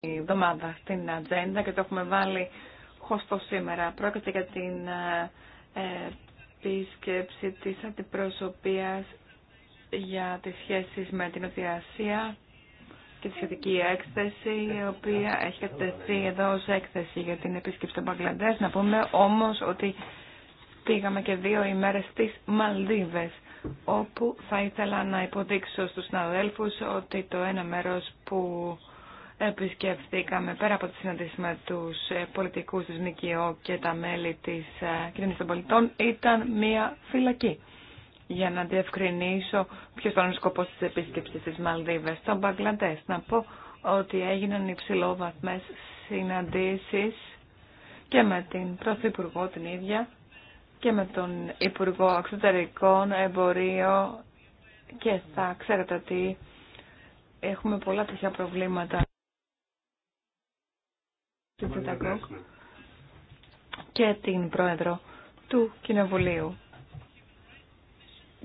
εβδομάδα στην ατζέντα και το έχουμε βάλει χωστό σήμερα. Πρόκειται για την ε, ε, επίσκεψη της αντιπροσωπείας για τις σχέσεις με την Ασία και τη σχετική έκθεση, η οποία έχει κατευθεί εδώ ως έκθεση για την επίσκεψη των Παγκλαντές. Να πούμε όμως ότι πήγαμε και δύο ημέρες στις Μαλδίβες, όπου θα ήθελα να υποδείξω στους συναδέλφους ότι το ένα μέρος που επισκεφθήκαμε πέρα από τη συνάντηση με τους ε, πολιτικούς της ΜΚΟ και τα μέλη της ε, κοινωνίας των πολιτών ήταν μια φυλακή. Για να διευκρινίσω ποιος ήταν ο σκοπός της επίσκεψης της Μαλδίβες στον Μπαγκλαντές. Να πω ότι έγιναν υψηλόβαθμες συναντήσεις και με την Πρωθυπουργό την ίδια και με τον Υπουργό Εξωτερικών Εμπορίο και θα ξέρετε ότι έχουμε πολλά τέτοια προβλήματα ναι. και την πρόεδρο του Κοινοβουλίου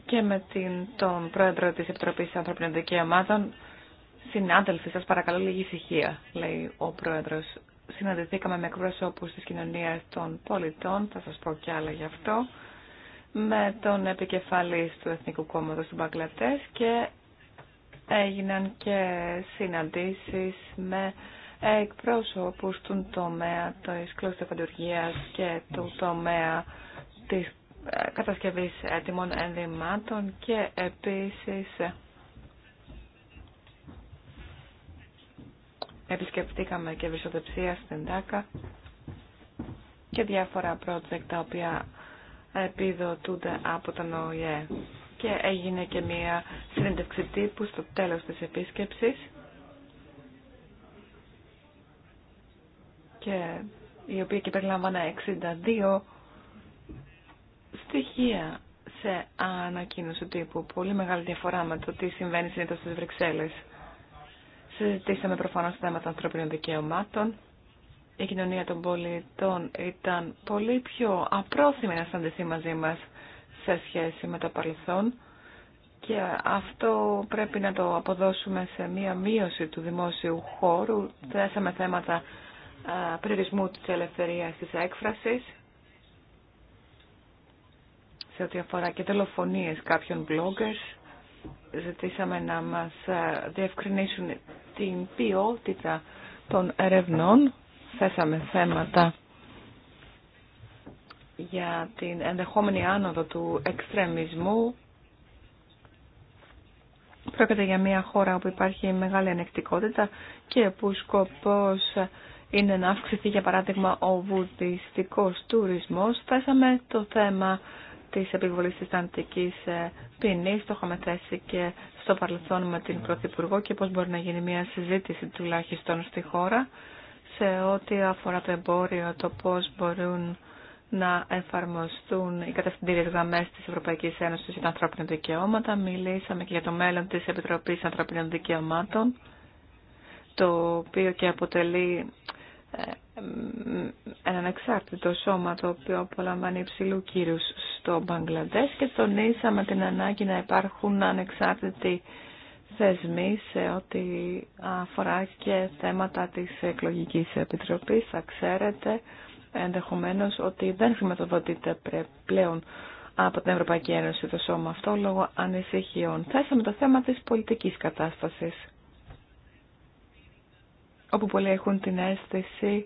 και με την, τον πρόεδρο της Επιτροπής Ανθρωπίνων Δικαιωμάτων. Συνάδελφοι, σας παρακαλώ λίγη ησυχία, λέει ο πρόεδρος. Συναντηθήκαμε με εκπρόσωπους της κοινωνίας των πολιτών, θα σας πω κι άλλα γι' αυτό, με τον επικεφαλής του Εθνικού Κόμματος του Μπαγκλατές και έγιναν και συναντήσεις με εκπρόσωπους του τομέα της κλωστοφαντουργίας και του τομέα της ε, κατασκευής έτοιμων ενδυμάτων και επίσης επισκεφτήκαμε και βρισοδεψία στην ΤΑΚΑ και διάφορα project τα οποία επιδοτούνται από τον ΟΗΕ και έγινε και μία συνέντευξη τύπου στο τέλος της επίσκεψης και η οποία και περιλάμβανε 62 στοιχεία σε ανακοίνωση τύπου. Πολύ μεγάλη διαφορά με το τι συμβαίνει συνήθως στις Βρυξέλλες. Συζητήσαμε προφανώς θέματα ανθρώπινων δικαιωμάτων. Η κοινωνία των πολιτών ήταν πολύ πιο απρόθυμη να σαντηθεί μαζί μας σε σχέση με το παρελθόν και αυτό πρέπει να το αποδώσουμε σε μία μείωση του δημόσιου χώρου. Θέσαμε θέματα περιορισμού της ελευθερίας της έκφρασης σε ό,τι αφορά και τελοφωνίες κάποιων bloggers. Ζητήσαμε να μας διευκρινίσουν την ποιότητα των ερευνών. Θέσαμε θέματα για την ενδεχόμενη άνοδο του εξτρεμισμού. Πρόκειται για μια χώρα όπου υπάρχει μεγάλη ανεκτικότητα και που σκοπός είναι να αυξηθεί για παράδειγμα ο βουδιστικός τουρισμός. Θέσαμε το θέμα της επιβολής της αντικής ε, ποινής, το είχαμε θέσει και στο παρελθόν με την Πρωθυπουργό και πώς μπορεί να γίνει μια συζήτηση τουλάχιστον στη χώρα σε ό,τι αφορά το εμπόριο, το πώς μπορούν να εφαρμοστούν οι κατευθυντήριες γραμμές της Ευρωπαϊκής Ένωσης για τα ανθρώπινα δικαιώματα. Μιλήσαμε και για το μέλλον της Επιτροπής Ανθρώπινων Δικαιωμάτων το οποίο και αποτελεί ε, έναν εξάρτητο σώμα το οποίο απολαμβάνει υψηλού κύρους στο Μπαγκλαντές και τονίσαμε την ανάγκη να υπάρχουν ανεξάρτητοι θεσμοί σε ό,τι αφορά και θέματα της εκλογικής επιτροπής. Θα ξέρετε ενδεχομένως ότι δεν χρηματοδοτείται πλέον από την Ευρωπαϊκή Ένωση το σώμα αυτό λόγω ανησυχιών. Θέσαμε το θέμα της πολιτικής κατάστασης όπου πολλοί έχουν την αίσθηση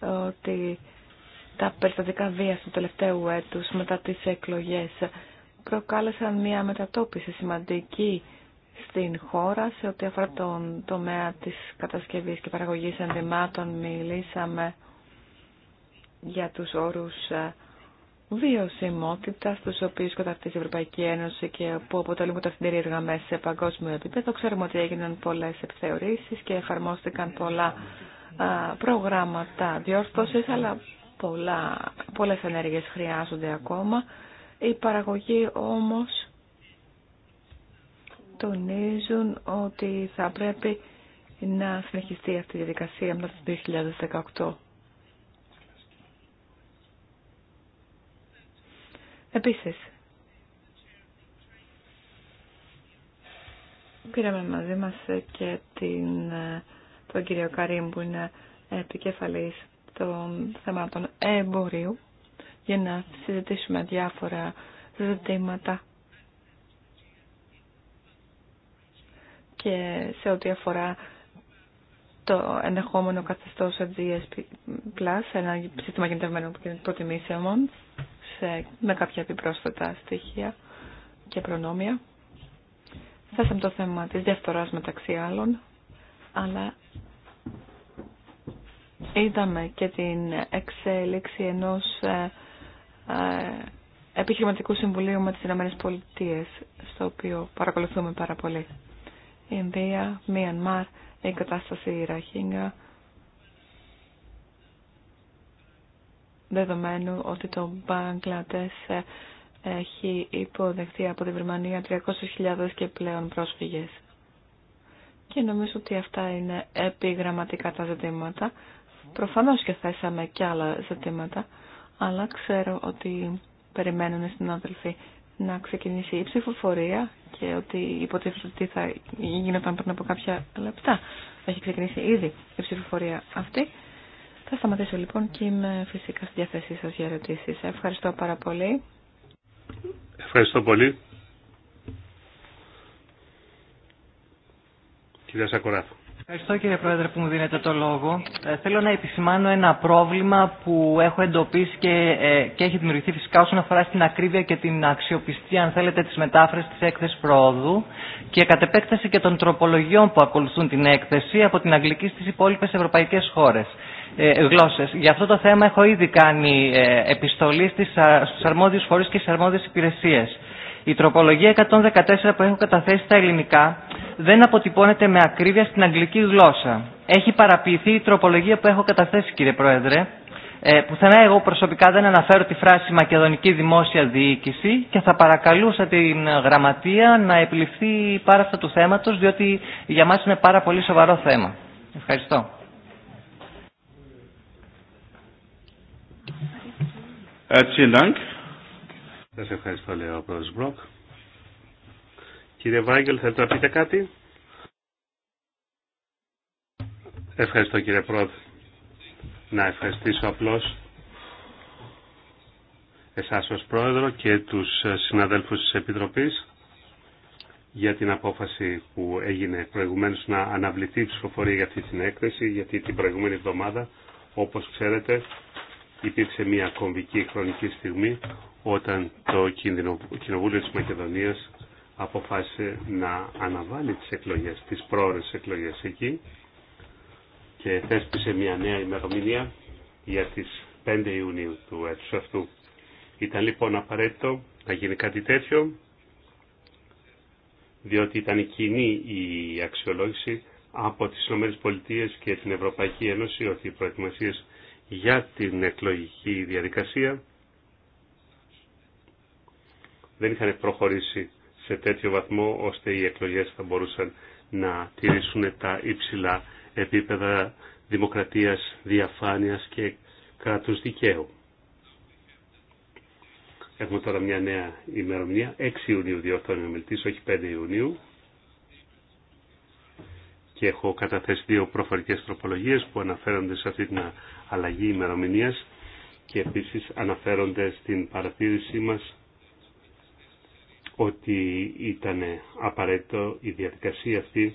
ότι τα περιστατικά βίας του τελευταίου έτους μετά τις εκλογές προκάλεσαν μια μετατόπιση σημαντική στην χώρα σε ό,τι αφορά τον τομέα της κατασκευής και παραγωγής ενδυμάτων μιλήσαμε για τους όρους ε, βιωσιμότητα στους οποίου καταρτίζει η Ευρωπαϊκή Ένωση και που αποτελούν τα συντηρητικά μέσα σε παγκόσμιο επίπεδο. Ξέρουμε ότι έγιναν πολλές επιθεωρήσεις και εφαρμόστηκαν πολλά προγράμματα διόρθωση, αλλά πολλέ πολλές χρειάζονται ακόμα. Η παραγωγή όμως τονίζουν ότι θα πρέπει να συνεχιστεί αυτή η διαδικασία μετά το 2018. Επίσης, πήραμε μαζί μας και την, τον κύριο Καρύμ που είναι επικεφαλής των θεμάτων εμπορίου για να συζητήσουμε διάφορα ζητήματα και σε ό,τι αφορά το ενεχόμενο καθεστώς GSP+, ένα σύστημα κινητευμένων προτιμήσεων ε, με κάποια επιπρόσθετα στοιχεία και προνόμια. Θέσαμε το θέμα της διαφθοράς μεταξύ άλλων, αλλά είδαμε και την εξέλιξη ενός ε, ε, επιχειρηματικού συμβουλίου με τις ΗΠΑ, στο οποίο παρακολουθούμε πάρα πολύ. Η Ινδία, Μιανμάρ, η κατάσταση Ραχίνγκα, δεδομένου ότι το Μπαγκλατές ε, έχει υποδεχθεί από τη Βερμανία 300.000 και πλέον πρόσφυγες. Και νομίζω ότι αυτά είναι επιγραμματικά τα ζητήματα. Προφανώς και θέσαμε και άλλα ζητήματα, αλλά ξέρω ότι περιμένουν οι συνάδελφοι να ξεκινήσει η ψηφοφορία και ότι υποτίθεται ότι θα γινόταν πριν από κάποια λεπτά. Έχει ξεκινήσει ήδη η ψηφοφορία αυτή. Θα σταματήσω λοιπόν και είμαι φυσικά στη διάθεσή σας για ερωτήσεις. Ευχαριστώ πάρα πολύ. Ευχαριστώ πολύ. Κυρία Σακοράφου. Ευχαριστώ κύριε Πρόεδρε που μου δίνετε το λόγο. Ε, θέλω να επισημάνω ένα πρόβλημα που έχω εντοπίσει και, ε, και έχει δημιουργηθεί φυσικά όσον αφορά στην ακρίβεια και την αξιοπιστία, αν θέλετε, της μετάφρασης της έκθεσης προόδου και κατ' επέκταση και των τροπολογιών που ακολουθούν την έκθεση από την Αγγλική στις υπόλοιπες ευρωπαϊκές χώρες. Ε, γλώσσε. Για αυτό το θέμα έχω ήδη κάνει ε, επιστολή στου αρμόδιου φορεί και στις αρμόδιε υπηρεσίες. Η τροπολογία 114 που έχω καταθέσει στα ελληνικά δεν αποτυπώνεται με ακρίβεια στην αγγλική γλώσσα. Έχει παραποιηθεί η τροπολογία που έχω καταθέσει κύριε Πρόεδρε, ε, πουθενά εγώ προσωπικά δεν αναφέρω τη φράση «Μακεδονική δημόσια διοίκηση» και θα παρακαλούσα την γραμματεία να επιληφθεί πάρα αυτά του θέματος, διότι για μας είναι πάρα πολύ σοβαρό θέμα. Ευχαριστώ. Σας ευχαριστώ, λέει ο πρόεδρος Κύριε Βάγγελ, θέλετε να πείτε κάτι. Ευχαριστώ κύριε Πρόεδρε. Να ευχαριστήσω απλώς εσάς ως Πρόεδρο και τους συναδέλφους της Επιτροπής για την απόφαση που έγινε προηγουμένως να αναβληθεί η ψηφοφορία για αυτή την έκθεση, γιατί την προηγούμενη εβδομάδα, όπως ξέρετε, υπήρξε μια κομβική χρονική στιγμή όταν το Κοινοβούλιο της Μακεδονίας αποφάσισε να αναβάλει τις εκλογές, τις πρόορες εκλογές εκεί και θέσπισε μια νέα ημερομηνία για τις 5 Ιουνίου του έτους αυτού. Ήταν λοιπόν απαραίτητο να γίνει κάτι τέτοιο διότι ήταν κοινή η αξιολόγηση από τις ΗΠΑ και την Ευρωπαϊκή Ένωση ότι οι προετοιμασίες για την εκλογική διαδικασία δεν είχαν προχωρήσει σε τέτοιο βαθμό ώστε οι εκλογές θα μπορούσαν να τηρήσουν τα υψηλά επίπεδα δημοκρατίας, διαφάνειας και κράτους δικαίου. Έχουμε τώρα μια νέα ημερομηνία, 6 Ιουνίου διορθώνει ο μιλτής, όχι 5 Ιουνίου. Και έχω καταθέσει δύο προφορικές τροπολογίες που αναφέρονται σε αυτή την αλλαγή ημερομηνία και επίση αναφέρονται στην παρατήρησή μα ότι ήταν απαραίτητο η διαδικασία αυτή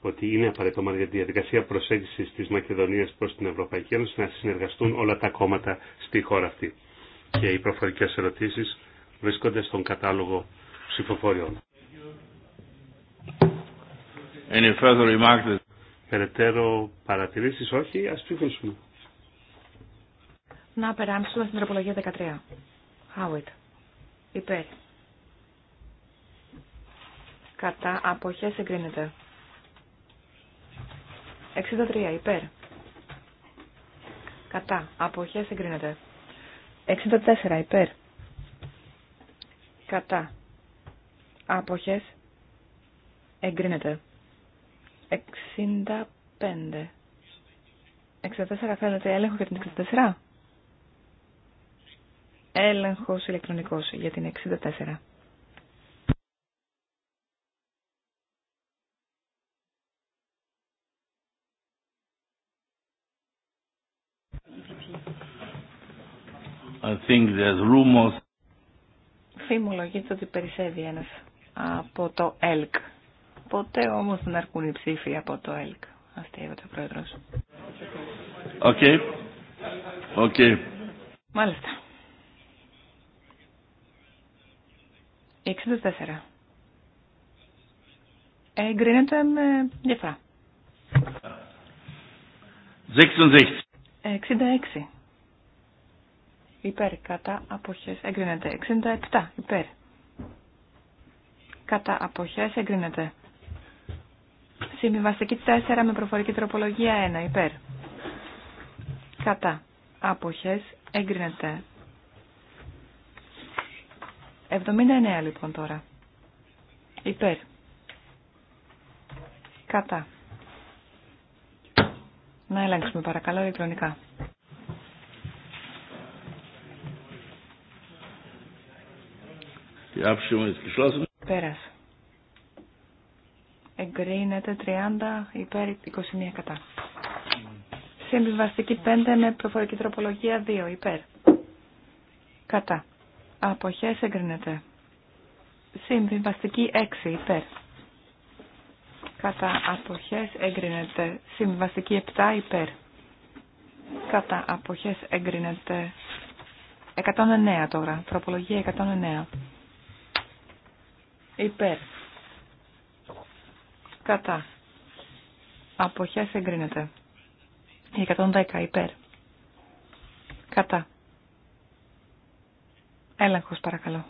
ότι είναι απαραίτητο για τη διαδικασία προσέγγιση τη Μακεδονία προ την Ευρωπαϊκή Ένωση να συνεργαστούν όλα τα κόμματα στη χώρα αυτή. Και οι προφορικέ ερωτήσει βρίσκονται στον κατάλογο ψηφοφοριών. Περαιτέρω παρατηρήσεις, όχι, ας ψηφίσουμε. Να περάσουμε στην τροπολογία 13. Χάουιτ. Υπέρ. Κατά αποχές εγκρίνεται. 63. Υπέρ. Κατά αποχές εγκρίνεται. 64. Υπέρ. Κατά αποχές εγκρίνεται. 65. 64 θέλετε έλεγχο για την 64. Έλεγχο ηλεκτρονικό για την 64. I think ότι περισσεύει ένας από το ΕΛΚ. Ποτέ όμως δεν αρκούν οι ψήφοι από το ΕΛΚ. Αστείευεται ο Πρόεδρος. Οκ. Okay. Μάλιστα. 64. Εγκρίνεται με διαφορά. 66. 66. Υπέρ, κατά, αποχές, εγκρίνεται. 67, υπέρ. Κατά, αποχές, εγκρίνεται. Συμβιβαστική 4 με προφορική τροπολογία 1 υπέρ. Κατά. Άποχες. Εγκρίνεται. 79 λοιπόν τώρα. Υπέρ. Κατά. Να ελέγξουμε παρακαλώ ηλεκτρονικά. Πέρασε εγκρίνεται 30 υπέρ 21 κατά. Συμβιβαστική 5 με προφορική τροπολογία 2 υπέρ. Κατά. Αποχές εγκρίνεται. Συμβιβαστική 6 υπέρ. Κατά αποχές εγκρίνεται. Συμβιβαστική 7 υπέρ. Κατά αποχές εγκρίνεται. 109 τώρα. Τροπολογία 109. Υπέρ. Κατά. Αποχές εγκρίνεται. 110 υπέρ. Κατά. Έλεγχος παρακαλώ.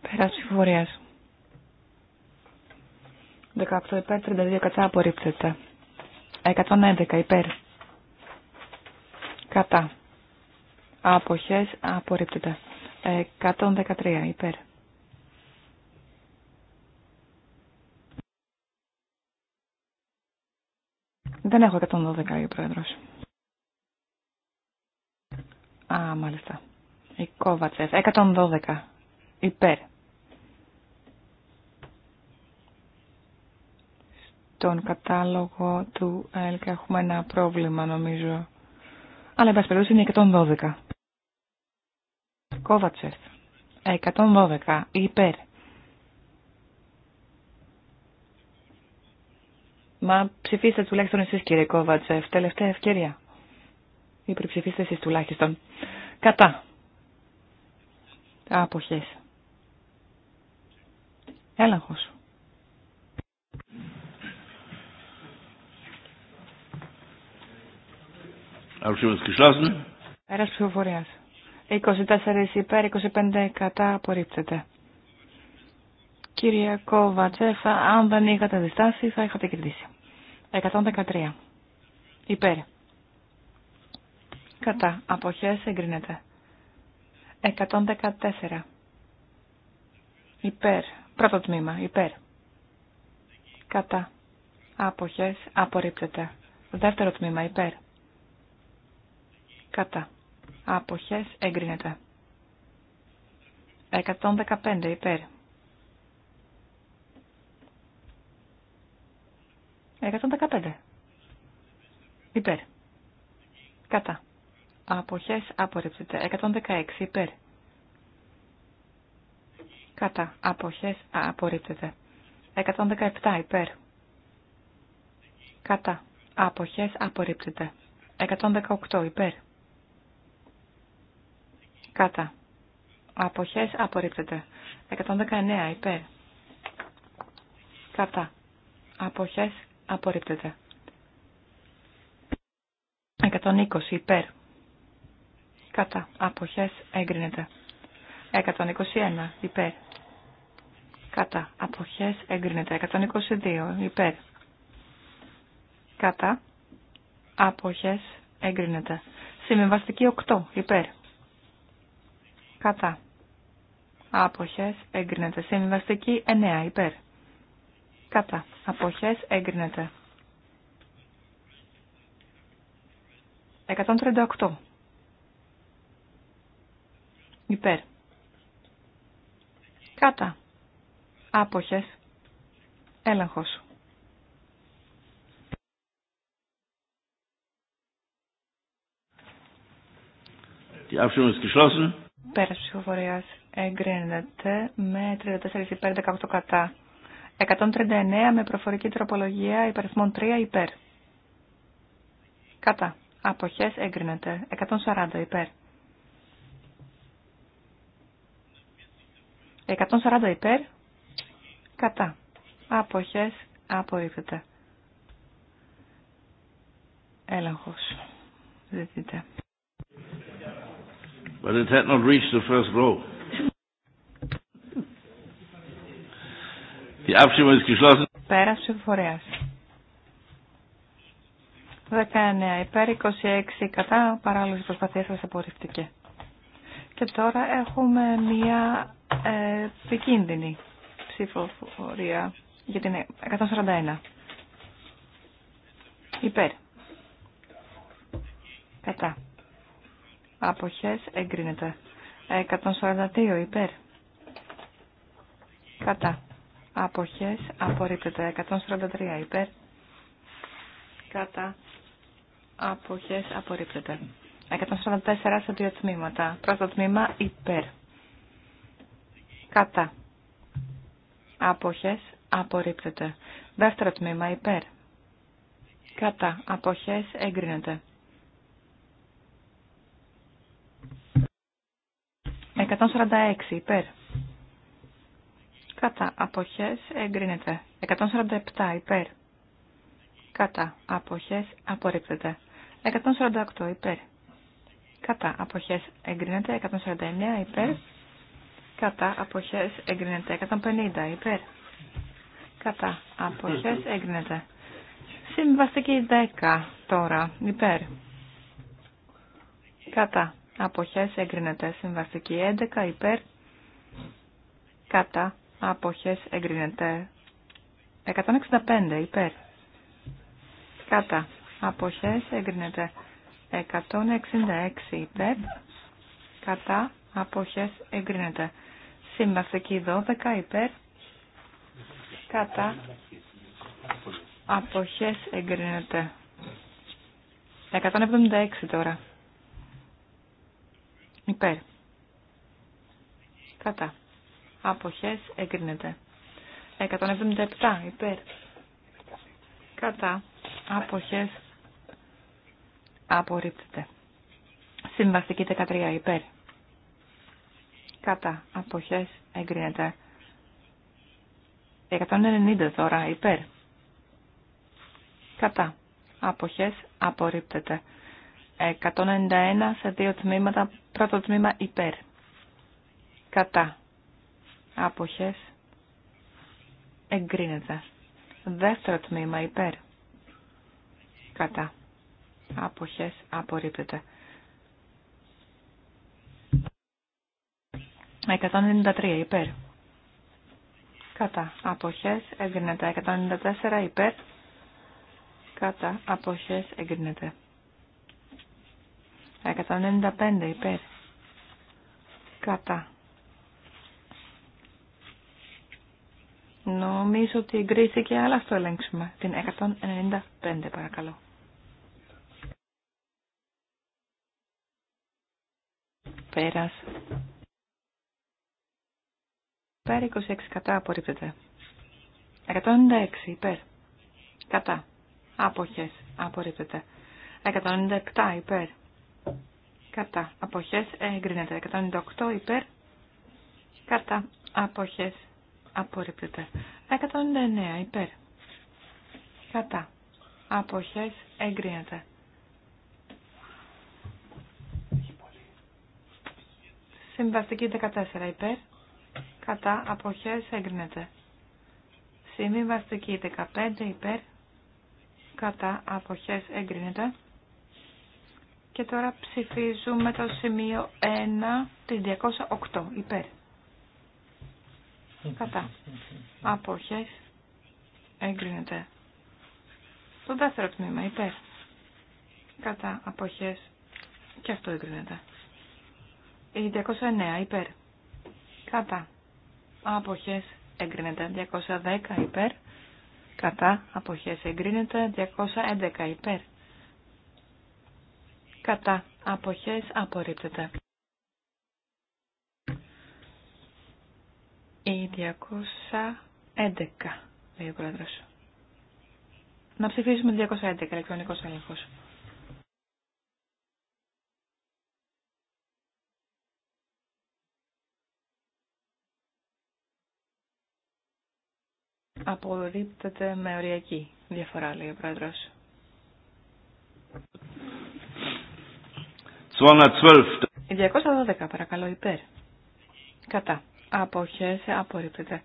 Πέρας ψηφοφορίας. 18 υπέρ, 32 κατά απορρίπτεται. 111 υπέρ. Κατά. Αποχές απορρίπτεται. 113 υπέρ. Δεν έχω 112 ο πρόεδρος. Α, μάλιστα. Η Κόβατσεφ. 112 υπέρ. Στον κατάλογο του ΕΛΚ έχουμε ένα πρόβλημα νομίζω αλλά εν πάση είναι 112. Κόβατσεφ. 112. Ε, Υπέρ. Μα ψηφίστε τουλάχιστον εσείς κύριε Κόβατσεφ. Τελευταία ευκαιρία. Υπερψηφίστε εσείς τουλάχιστον. Κατά. Αποχές. Έλεγχος. Πέρας ψηφοφορία. 24 υπέρ, 25 κατά απορρίπτεται. Κύριε Κόβατσεφ, αν δεν είχατε διστάσει θα είχατε κερδίσει. 113. Υπέρ. Κατά. απόχέ εγκρίνεται. 114. Υπέρ. Πρώτο τμήμα. Υπέρ. Κατά. Αποχέ, απορρίπτεται. Δεύτερο τμήμα. Υπέρ. Κατά. Αποχές εγκρίνεται. 115 υπέρ. 115. Υπέρ. Κατά. Αποχές απορρίπτεται. 116 υπέρ. Κατά. Αποχές απορρίπτεται. 117 υπέρ. Κατά. Αποχές απορρίπτεται. 118 υπέρ. Κατά. Αποχές απορρίπτεται. 119 υπέρ. Κατά. Αποχές απορρίπτεται. 120 υπέρ. Κατά. Αποχές έγκρινεται. 121 υπέρ. Κατά. Αποχές έγκρινεται. 122 υπέρ. Κατά. Αποχές έγκρινεται. Συμβαστική 8 υπέρ Κατά. Άποχες έγκρινεται. Συμβαστική 9 υπέρ. Κατά. Αποχές έγκρινεται. 138. Υπέρ. Κάτα. Άποχες. Έλεγχος. Die Abstimmung ist geschlossen πέρα ψηφοφορία. εγκρίνεται με 34 υπέρ 18 κατά. 139 με προφορική τροπολογία υπαριθμών 3 υπέρ. Κατά. Αποχές εγκρίνεται. 140 υπέρ. 140 υπέρ. Κατά. Αποχές απορρίπτεται. Έλεγχος. Ζητείτε. But it had reached the first row. Die Abstimmung ist geschlossen. Πέρα ψηφοφορία. 19 υπέρ, 26 κατά, παράλληλε προσπαθίε σα απορριφθήκε. Και τώρα έχουμε μία ε, επικίνδυνη ψηφοφορία για την 141. Υπέρ. Κατά. Αποχές εγκρίνεται. 142 υπέρ. Κατά. Αποχές απορρίπτεται. 143 υπέρ. Κατά. Αποχές απορρίπτεται. 144 σε δύο τμήματα. Πρώτο τμήμα υπέρ. Κατά. Αποχές απορρίπτεται. Δεύτερο τμήμα υπέρ. Κατά. Αποχές εγκρίνεται. 146 υπέρ. Κατά αποχές εγκρίνεται. 147 υπέρ. Κατά αποχές απορρίπτεται. 148 υπέρ. Κατά αποχές εγκρίνεται. 149 υπέρ. Κατά αποχές εγκρίνεται. 150 υπέρ. Κατά αποχές εγκρίνεται. Συμβαστική 10 τώρα υπέρ. Κατά αποχές εγκρίνεται. Συμβαστική 11 υπέρ κατά αποχές εγκρίνεται. 165 υπέρ κατά αποχές εγκρίνεται. 166 υπέρ κατά αποχές εγκρίνεται. Συμβαστική 12 υπέρ κατά αποχές εγκρίνεται. 176 τώρα. Υπέρ. Κατά. Αποχές εγκρίνεται. 177 υπέρ. Κατά. Αποχές απορρίπτεται. Συμβαστική 13 υπέρ. Κατά. Αποχές εγκρίνεται. 190 τώρα υπέρ. Κατά. Αποχές απορρίπτεται. 191 σε δύο τμήματα. Πρώτο τμήμα υπέρ. Κατά. Άποχες. Εγκρίνεται. Δεύτερο τμήμα υπέρ. Κατά. Άποχες. Απορρίπτεται. 193 υπέρ. Κατά. Αποχές. Εγκρίνεται. 194 υπέρ. Κατά. Αποχές. Εγκρίνεται. 195 υπέρ. Κατά. Νομίζω ότι εγκρίθηκε, αλλά αυτό ελέγξουμε. Την 195 παρακαλώ. Πέρας. Πέρα 26 κατά απορρίπτεται. 196 υπέρ. Κατά. Άποχες απορρίπτεται. 197 υπέρ. Κατά. Αποχές εγκρίνεται. 198 υπέρ. Κατά. Αποχές απορρίπτεται. 199 υπέρ. Κατά. Αποχές εγκρίνεται. Συμβαστική 14 υπέρ. Κατά. Αποχές εγκρίνεται. Συμβαστική 15 υπέρ. Κατά. Αποχές εγκρίνεται. Και τώρα ψηφίζουμε το σημείο 1 της 208 υπέρ. Κατά. Απόχες. Έγκρινεται. Το δεύτερο τμήμα υπέρ. Κατά. Απόχες. Και αυτό έγκρινεται. Η 209 υπέρ. Κατά. Απόχες. Έγκρινεται. 210 υπέρ. Κατά. Απόχες. Έγκρινεται. 211 υπέρ κατά αποχές απορρίπτεται. Η 211, λέει ο πρόεδρος. Να ψηφίσουμε 211, ηλεκτρονικός έλεγχος. Απορρίπτεται με οριακή διαφορά, λέει ο πρόεδρος. 212. 212 παρακαλώ υπέρ. Κατά. Αποχές απορρίπτεται.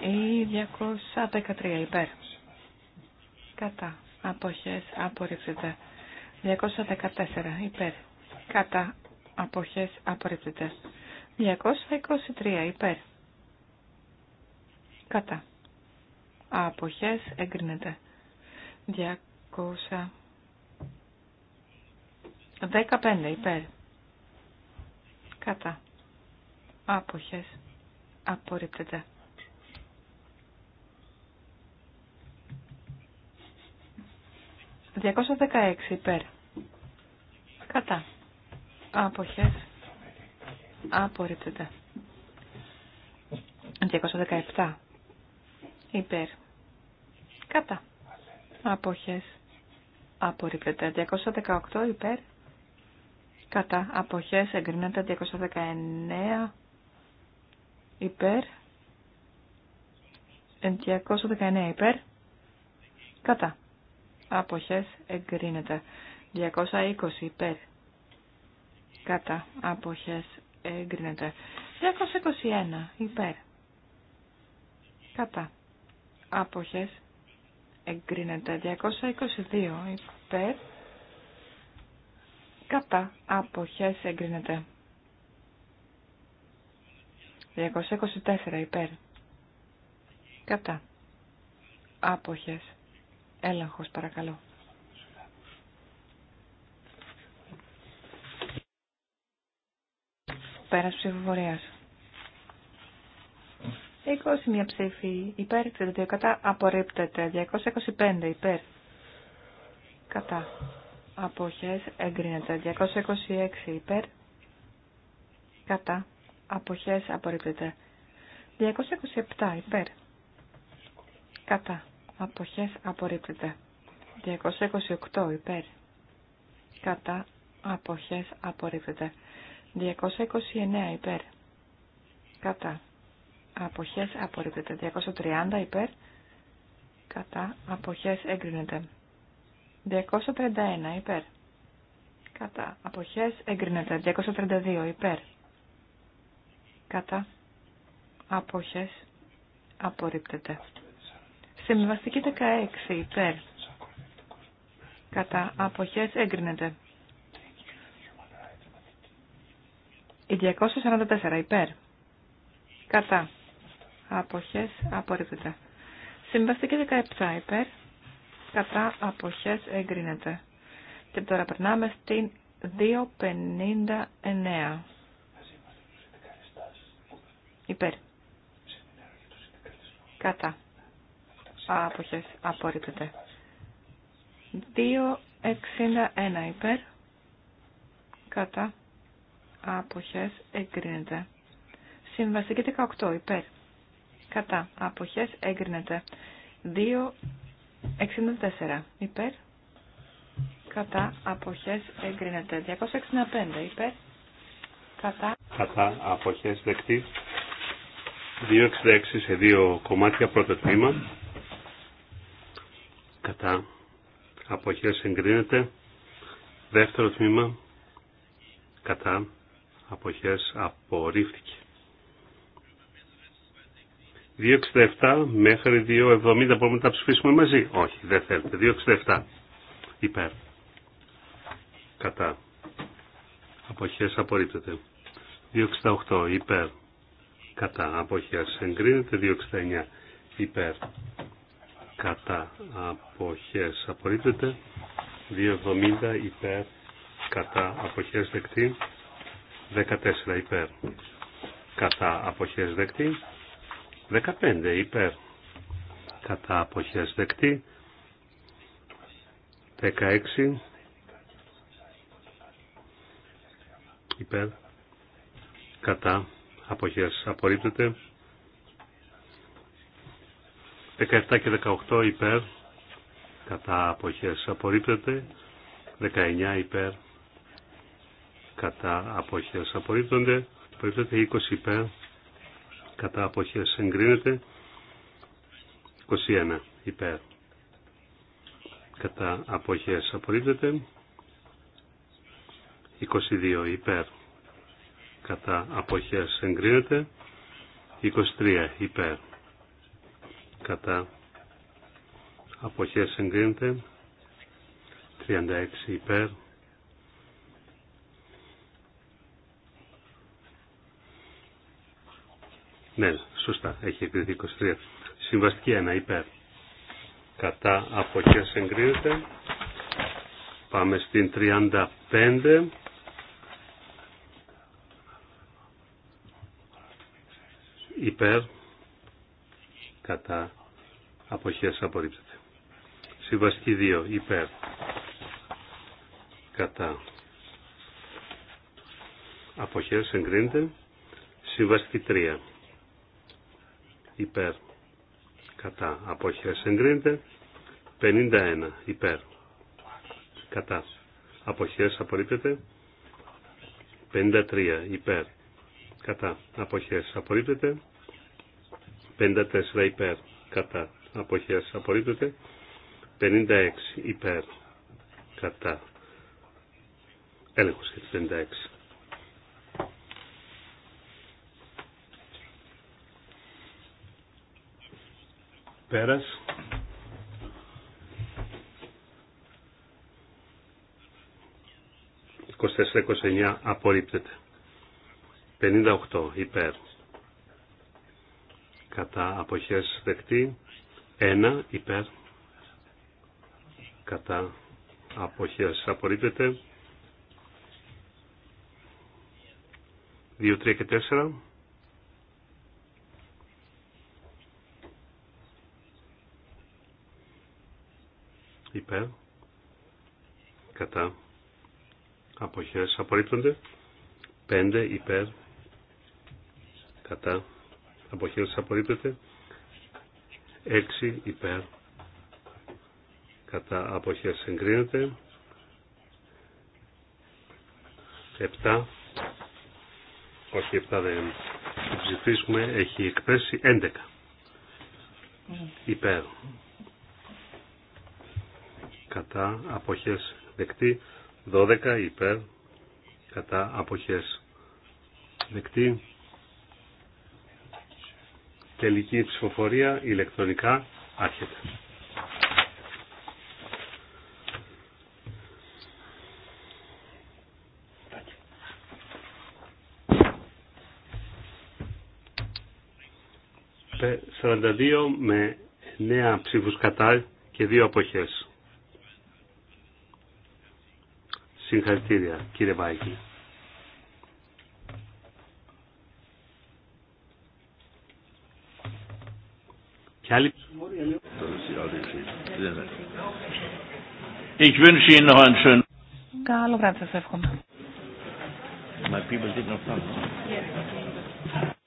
Ή 213 υπέρ. Κατά. Αποχές απορρίπτεται. 214 υπέρ. Κατά. Αποχές απορρίπτεται. 223 υπέρ. Κατά. Αποχές εγκρίνεται. 200. 15 υπέρ. Κατά. Άποχες. Απορρίπτεται. 216 υπέρ. Κατά. Άποχες. Απορρίπτεται. 217. Υπέρ. Κατά. Απόχες. Απορρίπτεται. 218 υπέρ κατά αποχές εγκρίνεται 219 υπέρ 219 ε, υπέρ κατά αποχές εγκρίνεται 220 υπέρ κατά αποχές εγκρίνεται 221 υπέρ κατά αποχές εγκρίνεται 222 υπέρ κατά αποχές εγκρίνεται. 224 υπέρ. Κατά. Άποχες. Έλεγχος παρακαλώ. Πέρας ψηφοφορίας. 21 ψήφοι υπέρ, 32 κατά, απορρίπτεται. 225 υπέρ. Κατά αποχές εγκρίνεται. 226 υπέρ, κατά, αποχές απορρίπτεται. 227 υπέρ, κατά, αποχές απορρίπτεται. 228 υπέρ, κατά, αποχές απορρίπτεται. 229 υπέρ, κατά, αποχές απορρίπτεται. 230 υπέρ, κατά, αποχές εγκρίνεται. 231 υπέρ. Κατά. Αποχές εγκρίνεται. 232 υπέρ. Κατά. Αποχές απορρίπτεται. Συμβαστική 16 υπέρ. Κατά. Αποχές εγκρίνεται. Η 244 υπέρ. Κατά. Αποχές απορρίπτεται. Συμβαστική 17 υπέρ κατά αποχές εγκρίνεται. Και τώρα περνάμε στην 2.59. Υπέρ. Κατά. Άποχες. Απορρίπτεται. 2.61 υπέρ. Κατά. Άποχες. Εγκρίνεται. Συμβαστική 18 υπέρ. Κατά. Άποχες. Εγκρίνεται. 64 υπέρ. Κατά αποχές εγκρίνεται. 265 υπέρ. Κατά. Κατά αποχές δεκτή. 266 σε δύο κομμάτια πρώτο τμήμα. Κατά αποχές εγκρίνεται. Δεύτερο τμήμα. Κατά αποχές απορρίφθηκε. 2,67 μέχρι 2,70 μπορούμε να τα ψηφίσουμε μαζί. Όχι, δεν θέλετε. 2,67 υπέρ. Κατά. Αποχές απορρίπτεται. 2,68 υπέρ. Κατά. Αποχές εγκρίνεται. 2,69 υπέρ. Κατά. Αποχές απορρίπτεται. 2,70 υπέρ. Κατά. Αποχές δεκτή. 14 υπέρ. Κατά. Αποχές δεκτή. 15 υπέρ κατά αποχές δεκτή 16 υπέρ κατά αποχές απορρίπτεται 17 και 18 υπέρ κατά αποχές απορρίπτεται 19 υπέρ κατά αποχές απορρίπτονται απορρίπτεται 20 υπέρ κατά αποχές εγκρίνεται 21 υπέρ κατά αποχές απορρίπτεται 22 υπέρ κατά αποχές εγκρίνεται 23 υπέρ κατά αποχές εγκρίνεται 36 υπέρ Ναι, σωστά, έχει εκδίδει 23. Συμβαστική 1, υπέρ. Κατά αποχές εγκρίνεται. Πάμε στην 35. Υπέρ. Κατά αποχές απορρίπτεται. Συμβαστική 2, υπέρ. Κατά αποχές εγκρίνεται. Συμβαστική 3 υπέρ κατά αποχές εγκρίνεται 51 υπέρ κατά αποχές απορρίπτεται 53 υπέρ κατά αποχές απορρίπτεται 54 υπέρ κατά αποχές απορρίπτεται 56 υπέρ κατά έλεγχος για 56 Πέρας. «24-29 απορρίπτεται. 58 υπέρ. Κατά αποχές δεκτή. 1 υπέρ. Κατά αποχές απορρίπτεται. 2, 3 και 4 υπέρ κατά αποχές απορρίπτονται 5 υπέρ κατά αποχές απορρίπτεται 6 υπέρ κατά αποχές εγκρίνεται 7 όχι 7 δεν ψηφίσουμε έχει εκπέσει 11 mm. υπέρ κατά αποχές δεκτή 12 υπέρ κατά αποχές δεκτή τελική ψηφοφορία ηλεκτρονικά άρχεται. 42 με 9 ψήφους κατά και 2 αποχές. Συγχαρητήρια κύριε Βάγκη. Και άλλοι... Ich wünsche Ihnen noch einen schönen... Καλό βράδυ σας εύχομαι. My people did not come. Yes.